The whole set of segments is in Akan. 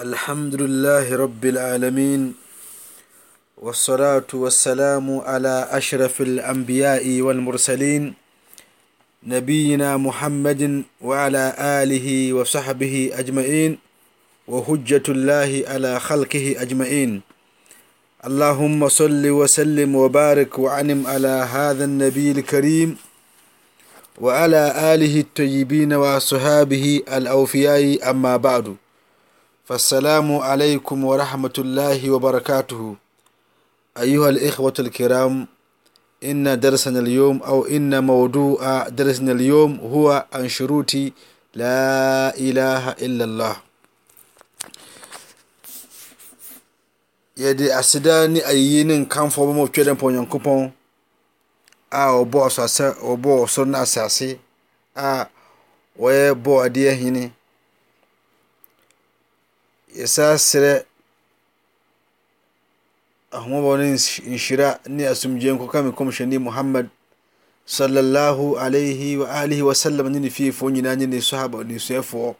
الحمد لله رب العالمين والصلاة والسلام على أشرف الأنبياء والمرسلين نبينا محمد وعلى آله وصحبه أجمعين وحجة الله على خلقه أجمعين اللهم صل وسلم وبارك وعنم على هذا النبي الكريم وعلى آله الطيبين وصحابه الأوفياء أما بعد فالسلام عليكم ورحمة الله وبركاته أيها الإخوة الكرام إن درسنا اليوم أو إن موضوع درسنا اليوم هو عن شروط لا إله إلا الله yɛde aseda ne ayiyi ne nkamfo bɛma ɔtwa dɛ mpa onyankopɔn a ɔbɔɔ ɔbɔɔ ɔsoro ne asase yɛsaaserɛ ahomɔbɔ ne nhyira ne asomdwoe nkɔka me kɔmhyɛne muhammad sallallahu alaihi wa alihi wa sallam ne ne fiefoɔ nyinaa ne ne sahaba ne suafoɔ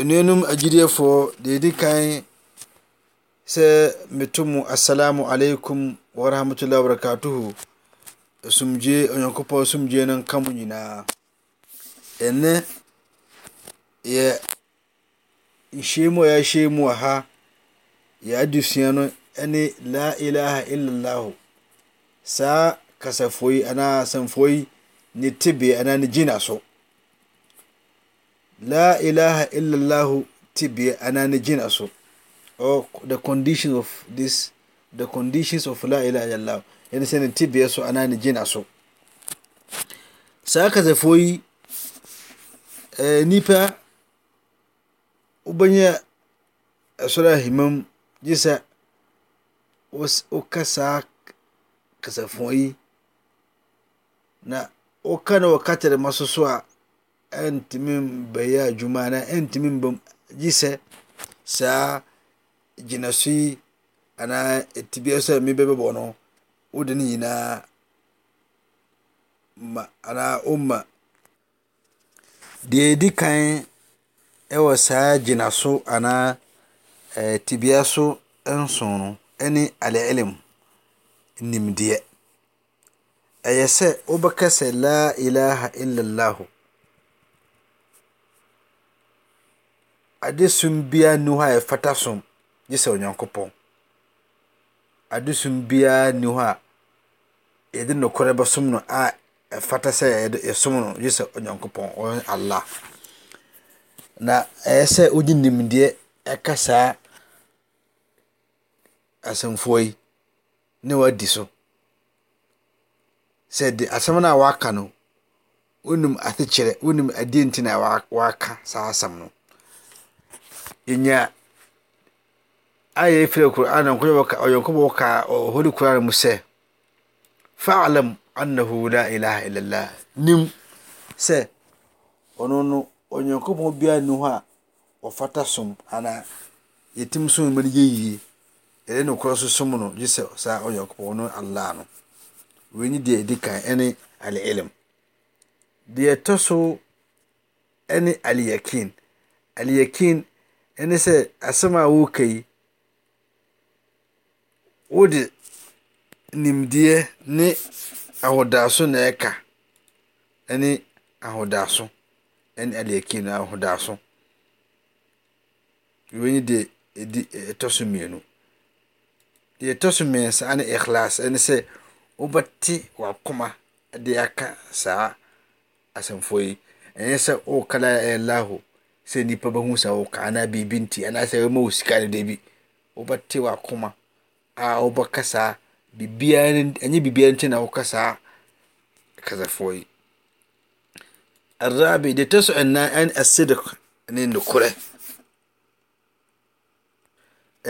nnuanom fo deɛ ɛdi kan sɛ meto mu assalamu alaikum wa rahmatullahi wa barakatuhu asomdwoe onyankopɔn asomdwoe no nka mo nyinaa ɛnɛ yɛ shemua yashemua ha yadusua no ane lailaha ilallah saa kasa foi ana sanfoi ni tibia ananginaso lailaha ilallah tbia anan ginaso ts nditins f lailaha ilalah n sɛn tibia so anan gin sosa kasa fo wobɛnya ɛsɔre ahema mu gye sɛ woka saa kasafua yi na woka na wɔka tɛrɛma so so a ɛntumi mbɛyɛ adwuma anaa ɛntumi mbam gye sɛ saa gyina so yi anaa ɛtibea sɛ mebɛbɛbɔ no wode ne nyinaa ma anaa woma deɛ ɛdi kan Ewa saa jina anaa ɛɛ eh, tibia so nson no ne al-ilm nimdeɛ. Ɛyɛ sɛ wobɛka sɛ laa ilaha illallah. Adesom biara nni hɔ a ɛfata som gye sɛ Onyankopɔn. Adesom biara nni hɔ a yɛde nokorɛ bɛsom no a ɛfata sɛ yɛsom no gye sɛ Onyankopɔn Allah. naɛɛ sɛ wogye nimdeɛ ɛka saa asamfɔ yi ne woadi so sɛde asam no a wɔaka no wonim asekyerɛ wonm adee ntinwaka saa asam no nya ayɛɛynkɔbɔwɔhoi kora n mu sɛ fa lam anah la ilaha ilalah nim sɛ ɔnono onyankopɔn biara nni hɔ a ɔfata som anaa yɛtim som mmere yɛ yie yɛde nokorɔ so som no gye sɛ saa onyankopɔn no allah no wei ne deɛ ɛdi kan ɛne alilim deɛ ɛtɔ so ɛne aliyakin aliyakin ɛne sɛ asɛm a woka yi wode nimdeɛ ne ahodaso na ɛka ɛne ahodaso ɛne adeɛ kii no ahodaa so wei de ɛdi ɛtɔ so mmienu deɛ ɛtɔ so mmiɛnsa ane ikhlas ɛne sɛ wobɛte wakoma de aka saa asɛmfoɔ yi ɛnyɛ sɛ wokala ɛlaho sɛ nnipa bɛhu sa woka anaa biribi nti anaasɛ ɛma wo sika no da bi wobɛte wakoma a wobɛka saa biribiara ɛnyɛ biribiara nti na wokasaa kasafoɔ yi rabi detɛsoɛnn asidk nenokorɛ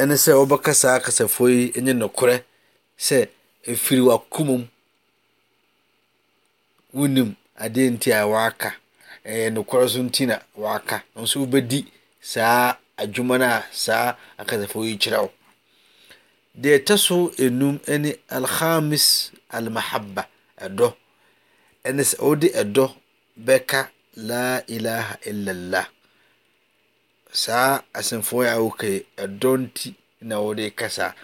ne sɛ wobɛka saaakasafoyiɛnokorɛ sɛ firiwakumm wonim adeɛntia waaka nokor so ntina waaka s wobɛdi saa adwumano a saa akasafoyi kyerɛ wo deɛ ta so num ne alxames almahaba dɔ n wode ɛdɔ beka la ilaha illallah saa asɛm fo a woka ɛdɔnti na wode kasa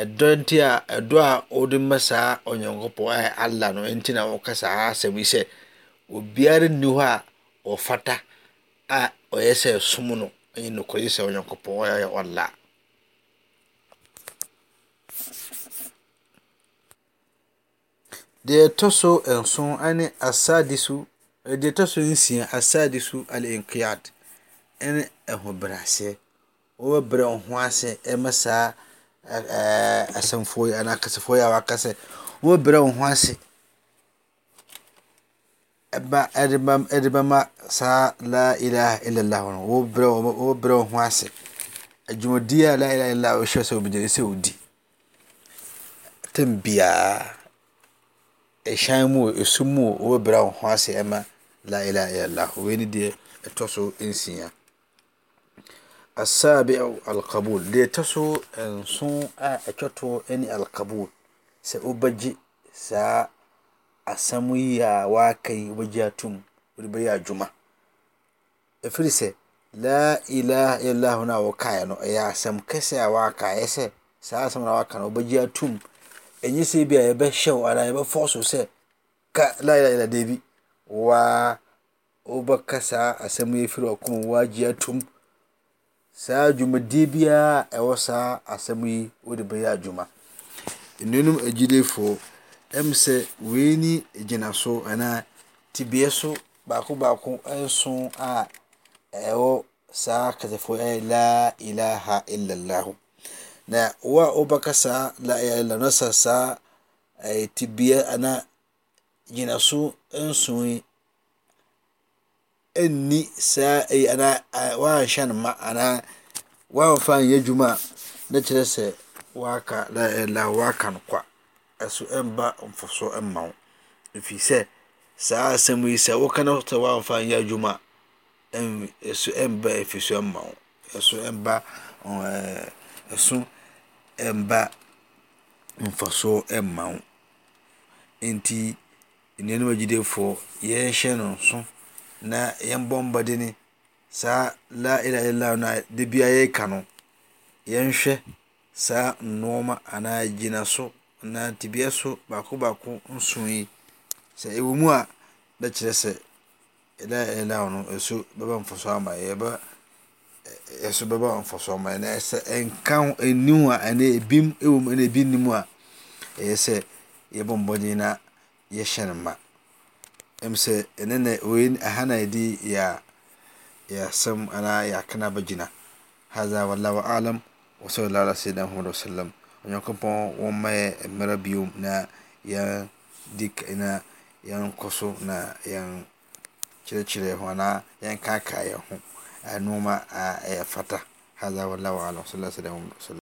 ɛdɔnti a ɛdɔ a wode ma saa onyankopɔn ayɛ allah no ɛnti na woka saa asɛm yi sɛ obiara nni hɔ a ɔfata a ɔyɛ sɛ som no ɛnyɛ nokɔyi sɛ onyankopɔn ayɛ allah deɛ ɛtɔ so nson ne asadi so deɛ to so nsa asadisu al inkad ne hu brɛseɛ wobrɛ o ho ase ma saa asɛmfonaksfo iwkasɛ wo brɛ o ho ase de bama saa lailialabrɛ ho ase dwudi lilsɛgysɛbaamuo smuowbrɛ o s eini deɛ tɔ so nsa sabialabl de tɔ so nso atwɛtoɔ ni alkabol sɛ wobɛgye saa asɛm yiwkai woe tm webɛyɛ dwuma frisɛ nkaɛnoɛas kɛsɛ kaɛsɛsasnnwoge atm yɛsɛbiaybɛhyɛbɛfɔso sɛ debi wa wobɛkasa asɛm yi firi ɔko wagye atom saa dwumadie biara ɛwɔ saa asɛm yi wode bɛyɛ adwuma nnuanom agyilefoɔ ɛm sɛ wei ni gyina so anaa tibea so baako baako nson a ɛwɔ saa kasafoɔ ɛyɛ la ilaha illallah na wo a kasa la ilaha illallah nasa sa saa tibea anaa gyina so nson nni saa ɛyi eh, anaa wɔanhyɛ no ma anaa wɔamfa nyɛ adwuma a na kyerɛ sɛ wɔaka la eh, la wɔaka no kwa ɛso ɛmba mfoso mma wo ɛfiri sɛ saa asɛm yi sɛ woka no sɛ wɔamfa nyɛ adwuma ɛso ɛmba ɛfiri so mma wo ɛso ɛmba eh, ɛso ɛmba mfasoɔ mma wo nti nnugyidefɔ yɛhwɛ no nso na yɛbɔmbɔdene saa ln debia yɛka no yɛhwɛ saa nnoɔma anaagyinaso naa tibia so baakobaako nsoyi sɛ w mu a ɛkyerɛ sɛɛaɛnbinm a yɛ sɛ yɛbɔmɔena yɛhyɛ no ma ɛmu sɛ ɛne na wei aha na yɛde yɛ yɛasɛm anaa yɛakena bɛgyina hadha wallahu alam وصلى الله على سيدنا محمد وسلم ونكبون وما مرا na نا di na نا يان na نا kyerɛkyerɛ ho anaa yɛnkaakaeɛ ho ɛnoma a ɛyɛ fata hatha wallahu alam sala salam